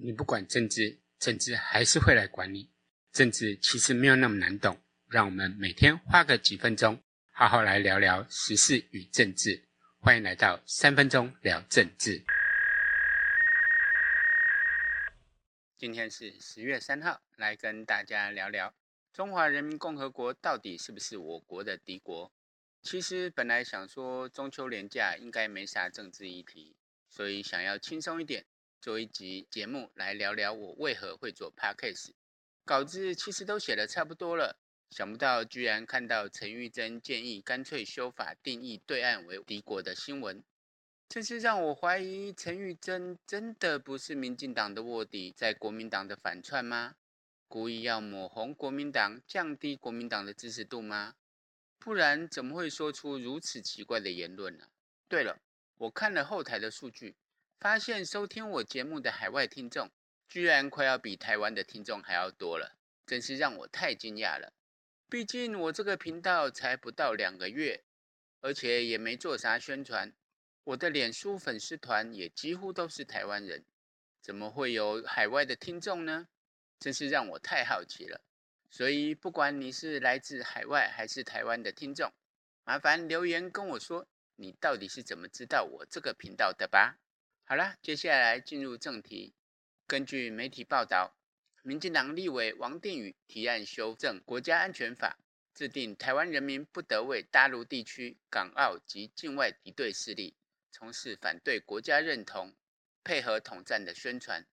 你不管政治，政治還是會來管你。政治其實沒有那麼難懂，讓我們每天花個幾分鐘，好好來聊聊時事與政治。歡迎來到三分鐘聊政治。今天是十月三號，來跟大家聊聊中華人民共和國到底是不是我國的敵國？其實本來想說中秋連假應該沒啥政治議題，所以想要輕鬆一點。做一集節目來聊聊我為何會做 podcast，稿子其實都寫的差不多了，想不到居然看到陳玉珍建議乾脆修法定義對岸為敵國的新聞，這是讓我懷疑陳玉珍真的不是民進黨的臥底，在國民黨的反串嗎？故意要抹紅國民黨，降低國民黨的支持度嗎？不然怎麼會說出如此奇怪的言論呢？對了，我看了後台的數據。發現收聽我節目的海外聽眾居然快要比台灣的聽眾還要多了，真是讓我太驚訝了。畢竟我這個頻道才不到兩個月，而且也沒做啥宣傳，我的臉書粉絲團也幾乎都是台灣人，怎麼會有海外的聽眾呢？真是讓我太好奇了。所以不管你是來自海外還是台灣的聽眾，麻煩留言跟我說你到底是怎麼知道我這個頻道的吧。好啦，接下來進入正題。根據媒體報道，民進黨立委王定宇提案修正《國家安全法》，制定台灣人民不得為大陸地區、港澳及境外敵對勢力從事反對國家認同、配合統戰的宣傳，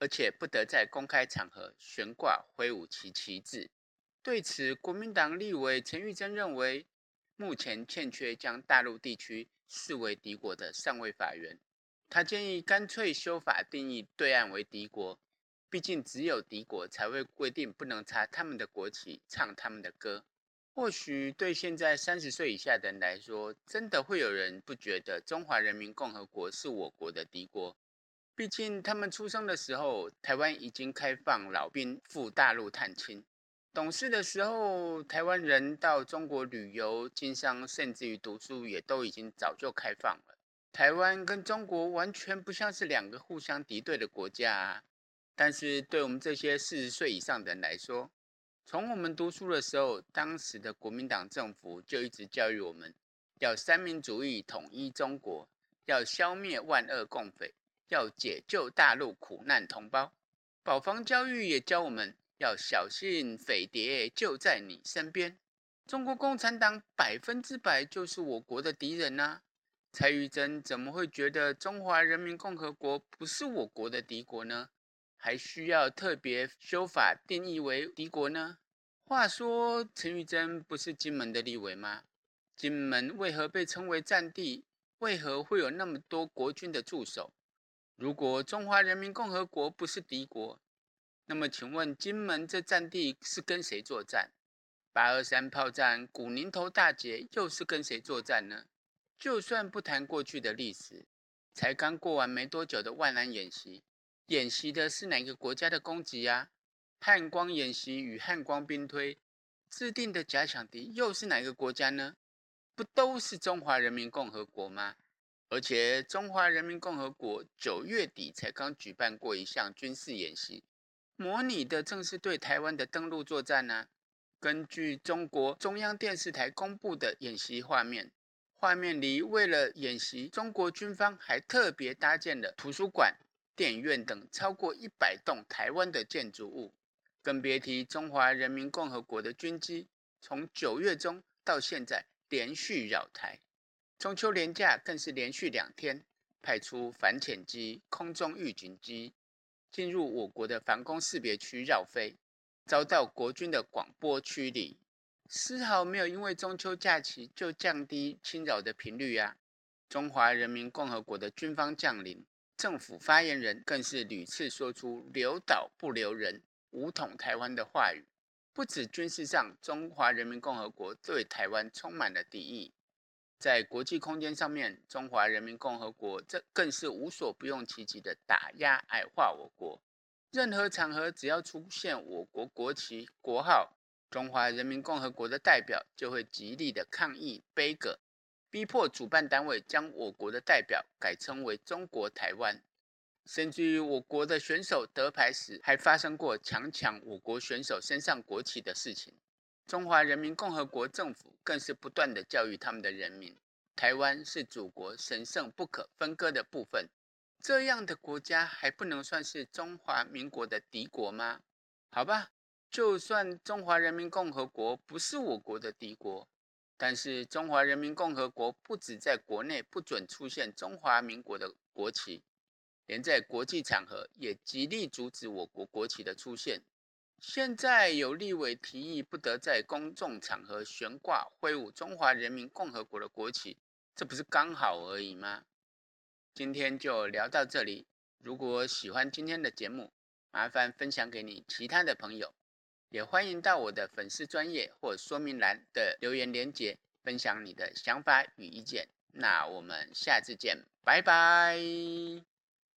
而且不得在公開場合懸掛、揮舞其旗幟。對此，國民黨立委陳玉珍認為，目前欠缺將大陸地區視為敵國的上位法源。他建議乾脆修法定義對岸為敵國，畢竟只有敵國才會規定不能插他們的國旗、唱他們的歌。或許對現在三十歲以下的人來說，真的會有人不覺得中華人民共和國是我國的敵國。畢竟他們出生的時候，台灣已經開放老兵赴大陸探親；懂事的時候，台灣人到中國旅遊、經商，甚至於讀書，也都已經早就開放了。台灣跟中國完全不像是兩個互相敵對的國家啊。但是對我們這些四十歲以上的人來說，從我們讀書的時候，當時的國民黨政府就一直教育我們要三民主義統一中國，要消滅萬惡共匪，要解救大陸苦難同胞。保防教育也教我們要小心匪諜就在你身邊，中國共產黨百分之百就是我國的敵人吶啊。陳玉珍怎麼會覺得中華人民共和國不是我國的敵國呢？還需要特別修法定義為敵國呢？話說，陳玉珍不是金門的立委嗎？金門為何被稱為戰地？為何會有那麼多國軍的駐守？如果中華人民共和國不是敵國，那麼請問金門這戰地是跟誰作戰？八二三炮戰、古寧頭大捷又是跟誰作戰呢？就算不談過去的歷史，才剛過完沒多久的萬安演習，演習的是哪個國家的攻擊呀、啊？漢光演習與漢光兵推，制定的假想敵又是哪個國家呢？不都是中華人民共和國嗎？而且中華人民共和國九月底才剛舉辦過一項軍事演習，模擬的正是對台灣的登陸作戰呢、啊。根據中國中央電視台公布的演習畫面。畫面裡，為了演習，中國軍方還特別搭建了圖書館、電影院等超過一百棟台灣的建築物，更別提中華人民共和國的軍機從九月中到現在連續繞台，中秋連假更是連續兩天派出反潛機、空中預警機進入我國的防空識別區繞飛，遭到國軍的廣播驅離。絲毫沒有因為中秋假期就降低侵擾的頻率啊！中華人民共和國的軍方將領、政府發言人更是屢次說出“留島不留人，武統台灣”的話語。不止軍事上，中華人民共和國對台灣充滿了敵意。在國際空間上面，中華人民共和國這更是無所不用其極的打壓矮化我國。任何場合只要出現我國國旗、國號。中華人民共和國的代表就會極力的抗議、杯葛，逼迫主辦單位將我國的代表改稱為“中國台灣”。甚至於我國的選手得牌時，還發生過強搶我國選手身上國旗的事情。中華人民共和國政府更是不斷的教育他們的人民：“台灣是祖國神聖不可分割的部分。”這樣的國家還不能算是中華民國的敵國嗎？好吧。就算中華人民共和國不是我國的敵國，但是中華人民共和國不只在國內不准出現中華民國的國旗，連在國際場合也極力阻止我國國旗的出現。現在有立委提議不得在公眾場合懸掛、揮舞中華人民共和國的國旗，這不是剛好而已嗎？今天就聊到這裡，如果喜歡今天的節目，麻煩分享給你其他的朋友。也歡迎到我的粉絲專頁或說明欄的留言連結，分享你的想法與意見。那我們下次見，拜拜。